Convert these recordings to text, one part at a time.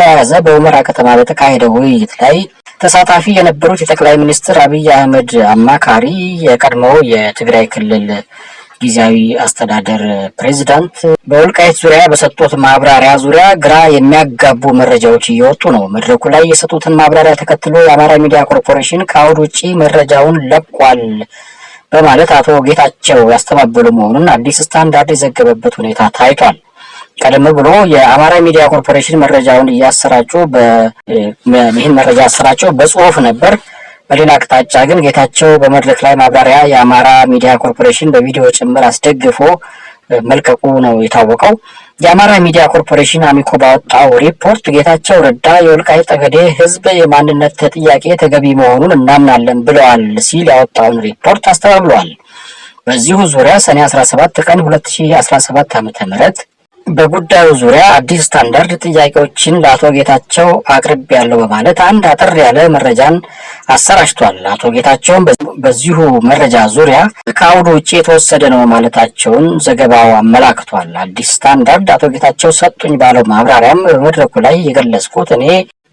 በተያያዘ በሁመራ ከተማ በተካሄደው ውይይት ላይ ተሳታፊ የነበሩት የጠቅላይ ሚኒስትር አብይ አህመድ አማካሪ የቀድሞው የትግራይ ክልል ጊዜያዊ አስተዳደር ፕሬዚዳንት በወልቃይት ዙሪያ በሰጡት ማብራሪያ ዙሪያ ግራ የሚያጋቡ መረጃዎች እየወጡ ነው። መድረኩ ላይ የሰጡትን ማብራሪያ ተከትሎ የአማራ ሚዲያ ኮርፖሬሽን ከአውድ ውጭ መረጃውን ለቋል በማለት አቶ ጌታቸው ያስተባበሉ መሆኑን አዲስ ስታንዳርድ የዘገበበት ሁኔታ ታይቷል። ቀደም ብሎ የአማራ ሚዲያ ኮርፖሬሽን መረጃውን እያሰራጩ ይህን መረጃ ያሰራጨው በጽሁፍ ነበር። በሌላ አቅጣጫ ግን ጌታቸው በመድረክ ላይ ማብራሪያ የአማራ ሚዲያ ኮርፖሬሽን በቪዲዮ ጭምር አስደግፎ መልቀቁ ነው የታወቀው። የአማራ ሚዲያ ኮርፖሬሽን አሚኮ ባወጣው ሪፖርት ጌታቸው ረዳ የወልቃይ ጠገዴ ህዝብ የማንነት ጥያቄ ተገቢ መሆኑን እናምናለን ብለዋል ሲል ያወጣውን ሪፖርት አስተባብሏል። በዚሁ ዙሪያ ሰኔ 17 ቀን 2017 ዓ.ም በጉዳዩ ዙሪያ አዲስ ስታንዳርድ ጥያቄዎችን ለአቶ ጌታቸው አቅርብ ያለው በማለት አንድ አጠር ያለ መረጃን አሰራጭቷል። አቶ ጌታቸውን በዚሁ መረጃ ዙሪያ ከአውዱ ውጭ የተወሰደ ነው ማለታቸውን ዘገባው አመላክቷል። አዲስ ስታንዳርድ አቶ ጌታቸው ሰጡኝ ባለው ማብራሪያም በመድረኩ ላይ የገለጽኩት እኔ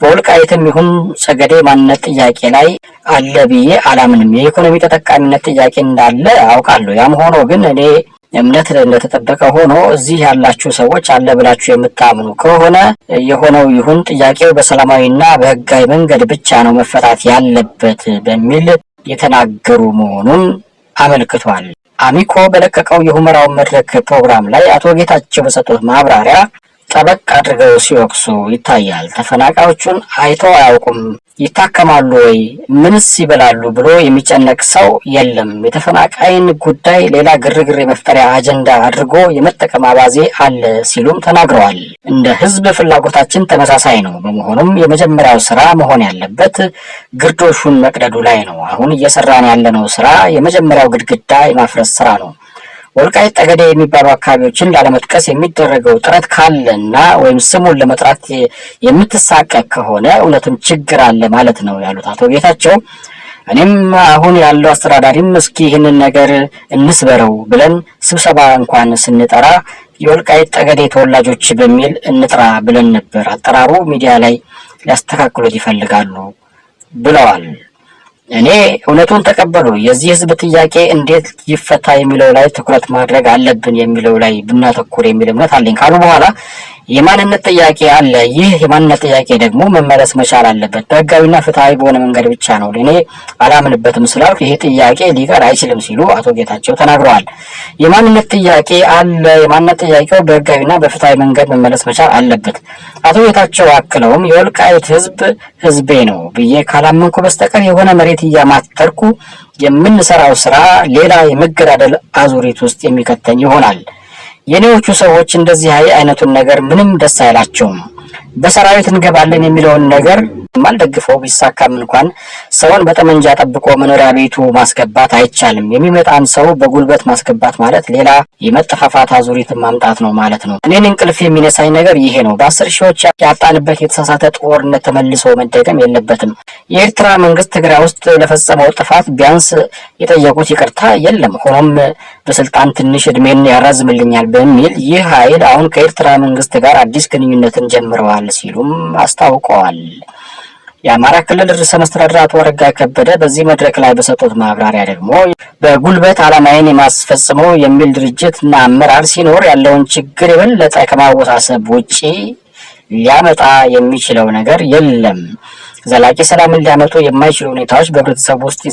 በወልቃይትም ይሁን ጸገዴ ማንነት ጥያቄ ላይ አለ ብዬ አላምንም። የኢኮኖሚ ተጠቃሚነት ጥያቄ እንዳለ አውቃለሁ። ያም ሆኖ ግን እኔ እምነት እንደተጠበቀ ሆኖ እዚህ ያላችሁ ሰዎች አለ ብላችሁ የምታምኑ ከሆነ የሆነው ይሁን፣ ጥያቄው በሰላማዊና በህጋዊ መንገድ ብቻ ነው መፈታት ያለበት በሚል የተናገሩ መሆኑን አመልክቷል። አሚኮ በለቀቀው የሁመራው መድረክ ፕሮግራም ላይ አቶ ጌታቸው በሰጡት ማብራሪያ ጠበቅ አድርገው ሲወቅሱ ይታያል። ተፈናቃዮቹን አይተው አያውቁም። ይታከማሉ ወይ? ምንስ ይበላሉ ብሎ የሚጨነቅ ሰው የለም። የተፈናቃይን ጉዳይ ሌላ ግርግር የመፍጠሪያ አጀንዳ አድርጎ የመጠቀም አባዜ አለ ሲሉም ተናግረዋል። እንደ ሕዝብ ፍላጎታችን ተመሳሳይ ነው። በመሆኑም የመጀመሪያው ስራ መሆን ያለበት ግርዶሹን መቅደዱ ላይ ነው። አሁን እየሰራን ያለነው ስራ የመጀመሪያው ግድግዳ የማፍረስ ስራ ነው። ወልቃይት ጠገዴ የሚባሉ አካባቢዎችን ላለመጥቀስ የሚደረገው ጥረት ካለና ወይም ስሙን ለመጥራት የምትሳቀቅ ከሆነ እውነትም ችግር አለ ማለት ነው ያሉት አቶ ጌታቸው እኔም አሁን ያለው አስተዳዳሪም እስኪ ይህንን ነገር እንስበረው ብለን ስብሰባ እንኳን ስንጠራ የወልቃይት ጠገዴ ተወላጆች በሚል እንጥራ ብለን ነበር። አጠራሩ ሚዲያ ላይ ሊያስተካክሉት ይፈልጋሉ ብለዋል። እኔ እውነቱን ተቀበሉ የዚህ ህዝብ ጥያቄ እንዴት ይፈታ የሚለው ላይ ትኩረት ማድረግ አለብን የሚለው ላይ ብናተኩር የሚል እምነት አለኝ ካሉ በኋላ የማንነት ጥያቄ አለ። ይህ የማንነት ጥያቄ ደግሞ መመለስ መቻል አለበት። በህጋዊና ፍትሐዊ በሆነ መንገድ ብቻ ነው እኔ አላምንበትም ስላልኩ ይህ ጥያቄ ሊቀር አይችልም ሲሉ አቶ ጌታቸው ተናግረዋል። የማንነት ጥያቄ አለ። የማንነት ጥያቄው በህጋዊና በፍትሐዊ መንገድ መመለስ መቻል አለበት። አቶ ጌታቸው አክለውም የወልቃይት ህዝብ ህዝቤ ነው ብዬ ካላመንኩ በስተቀር የሆነ መሬት እያማተርኩ የምንሰራው ስራ ሌላ የመገዳደል አዙሪት ውስጥ የሚከተኝ ይሆናል። የኔዎቹ ሰዎች እንደዚህ አይነቱን ነገር ምንም ደስ አይላቸውም። በሰራዊት እንገባለን የሚለውን ነገር ማልደግፈው ቢሳካም እንኳን ሰውን በጠመንጃ ጠብቆ መኖሪያ ቤቱ ማስገባት አይቻልም። የሚመጣን ሰው በጉልበት ማስገባት ማለት ሌላ የመጠፋፋት አዙሪት ማምጣት ነው ማለት ነው። እኔን እንቅልፍ የሚነሳኝ ነገር ይሄ ነው። በአስር ሺዎች ያጣንበት የተሳሳተ ጦርነት ተመልሶ መደገም የለበትም። የኤርትራ መንግስት ትግራይ ውስጥ ለፈጸመው ጥፋት ቢያንስ የጠየቁት ይቅርታ የለም። ሆኖም በስልጣን ትንሽ እድሜን ያራዝምልኛል በሚል ይህ ኃይል አሁን ከኤርትራ መንግስት ጋር አዲስ ግንኙነትን ጀምረዋል ሲሉም አስታውቀዋል። የአማራ ክልል ርዕሰ መስተዳድር አቶ አረጋ ከበደ በዚህ መድረክ ላይ በሰጡት ማብራሪያ ደግሞ በጉልበት አላማዬን የማስፈጽመው የሚል እና አመራር ሲኖር ያለውን ችግር የበለጠ ከማወሳሰብ ውጪ ሊያመጣ የሚችለው ነገር የለም። ዘላቂ ሰላምን ሊያመጡ የማይችሉ ሁኔታዎች በህብረተሰቡ ውስጥ